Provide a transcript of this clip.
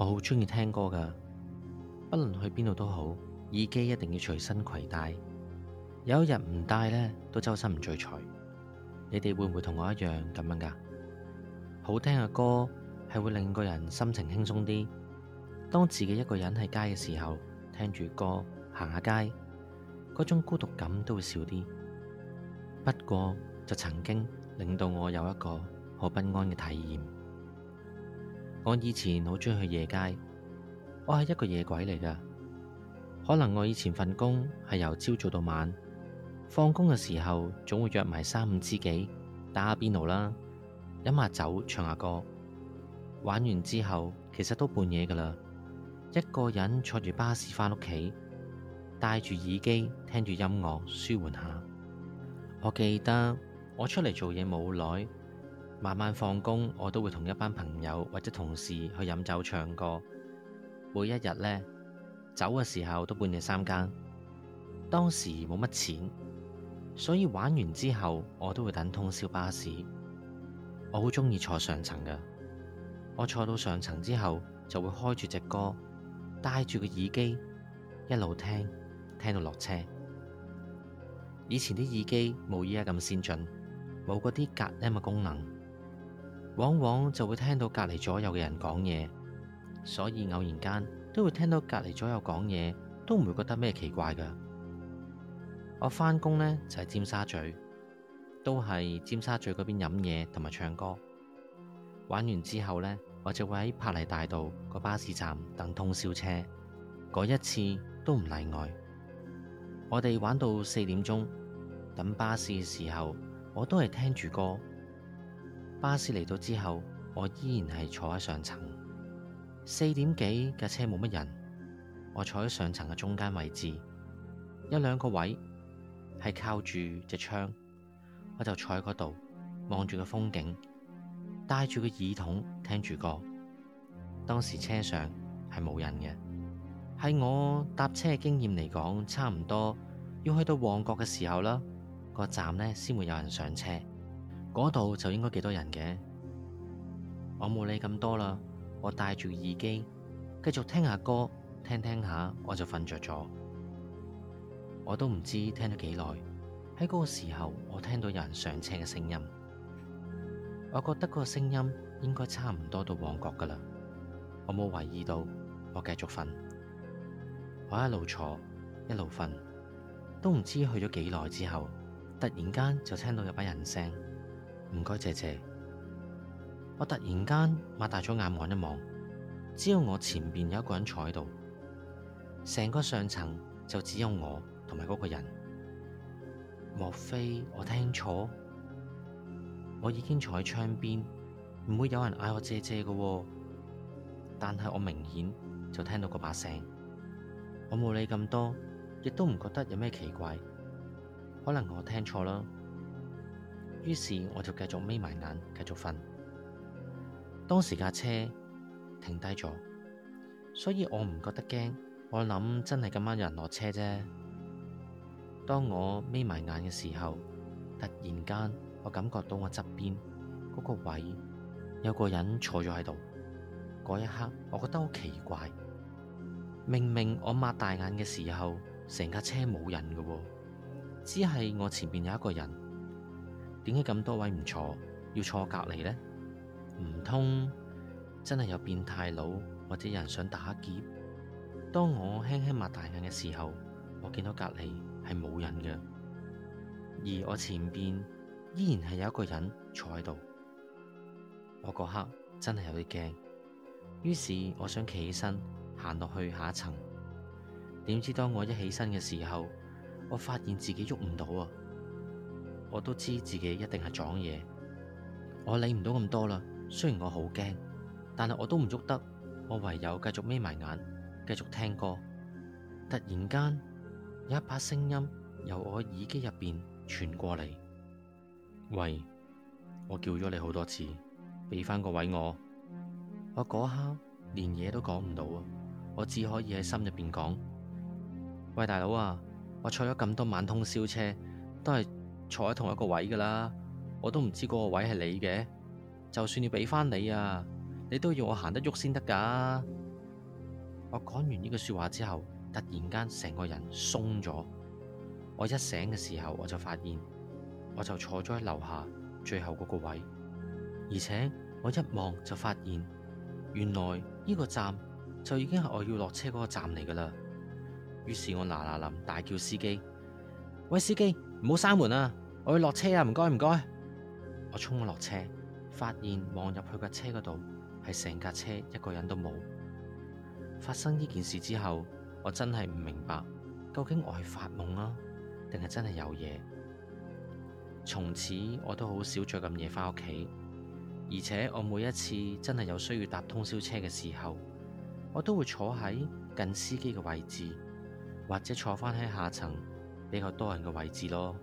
我好中意聽歌噶，不論去邊度都好，耳機一定要隨身攜帶。有一日唔帶呢，都周身唔聚財。你哋會唔會同我一樣咁樣噶？好聽嘅歌係會令個人心情輕鬆啲。當自己一個人喺街嘅時候，聽住歌行下街，嗰種孤獨感都會少啲。不過就曾經令到我有一個好不安嘅體驗。我以前好中意去夜街，我係一個夜鬼嚟噶。可能我以前份工係由朝做到晚，放工嘅時候總會約埋三五知己打下邊爐啦，飲下酒，唱下歌。玩完之後，其實都半夜噶啦，一個人坐住巴士返屋企，戴住耳機聽住音樂舒緩下。我記得我出嚟做嘢冇耐。慢慢放工，我都會同一班朋友或者同事去飲酒唱歌。每一日呢，走嘅時候都半夜三更。當時冇乜錢，所以玩完之後我都會等通宵巴士。我好鍾意坐上層嘅，我坐到上層之後就會開住隻歌，戴住個耳機，一路聽聽到落車。以前啲耳機冇依家咁先進，冇嗰啲隔音嘅功能。往往就會聽到隔離左右嘅人講嘢，所以偶然間都會聽到隔離左右講嘢，都唔會覺得咩奇怪㗎。我返工呢，就係尖沙咀，都係尖沙咀嗰邊飲嘢同埋唱歌。玩完之後呢，我就會喺柏麗大道個巴士站等通宵車。嗰一次都唔例外，我哋玩到四點鐘等巴士嘅時候，我都係聽住歌。巴士嚟到之後，我依然係坐喺上層。四點幾架車冇乜人，我坐喺上層嘅中間位置，有兩個位係靠住隻窗，我就坐喺嗰度望住個風景，戴住個耳筒聽住歌。當時車上係冇人嘅，喺我搭車嘅經驗嚟講，差唔多要去到旺角嘅時候啦，個站呢先會有人上車。嗰度就應該幾多人嘅，我冇理咁多啦。我戴住耳機繼續聽下歌，聽聽下我就瞓着咗。我都唔知聽咗幾耐。喺嗰個時候，我聽到有人上車嘅聲音，我覺得嗰個聲音應該差唔多到旺角㗎喇。我冇懷疑到，我繼續瞓。我一路坐一路瞓，都唔知去咗幾耐之後，突然間就聽到有把人聲。唔該，謝謝。我突然間擘大咗眼望一望，只有我前邊有一個人坐喺度，成個上層就只有我同埋嗰個人。莫非我聽錯？我已經坐喺窗邊，唔會有人嗌我姐姐嘅。但係我明顯就聽到嗰把聲，我冇理咁多，亦都唔覺得有咩奇怪。可能我聽錯啦。於是我就繼續眯埋眼繼續瞓。當時架車停低咗，所以我唔覺得驚。我諗真係今晚有人落車啫。當我眯埋眼嘅時候，突然間我感覺到我側邊嗰個位有個人坐咗喺度。嗰一刻我覺得好奇怪，明明我擘大眼嘅時候，成架車冇人㗎喎，只係我前面有一個人。點解咁多位唔坐，要坐隔離呢？唔通真係有變態佬或者有人想打劫？當我輕輕擘大眼嘅時候，我見到隔離係冇人嘅，而我前面依然係有一個人坐喺度。我嗰刻真係有啲驚，於是我想企起身行落去下一層。點知當我一起身嘅時候，我發現自己喐唔到啊！我都知自己一定係撞嘢，我理唔到咁多啦。雖然我好驚，但係我都唔喐得，我唯有繼續眯埋眼，繼續聽歌。突然間有一把聲音由我耳機入邊傳過嚟，喂，我叫咗你好多次，俾翻個位我。我嗰刻連嘢都講唔到啊，我只可以喺心入邊講，喂，大佬啊，我坐咗咁多晚通宵車，都係。坐喺同一個位噶啦，我都唔知嗰個位係你嘅。就算要俾翻你啊，你都要我行得喐先得噶。我講完呢句說話之後，突然間成個人鬆咗。我一醒嘅時候，我就發現我就坐咗喺樓下最後嗰個位，而且我一望就發現原來呢個站就已經係我要落車嗰個站嚟噶啦。於是我嗱嗱臨大叫司機，喂，司機！唔好閂門啊！我要落車啊！唔該唔該，我衝咗落車，發現望入去架車嗰度係成架車一個人都冇。發生呢件事之後，我真係唔明白，究竟我係發夢啊，定係真係有嘢？從此我都好少再咁夜翻屋企，而且我每一次真係有需要搭通宵車嘅時候，我都會坐喺近司機嘅位置，或者坐翻喺下層。比較多人嘅位置咯。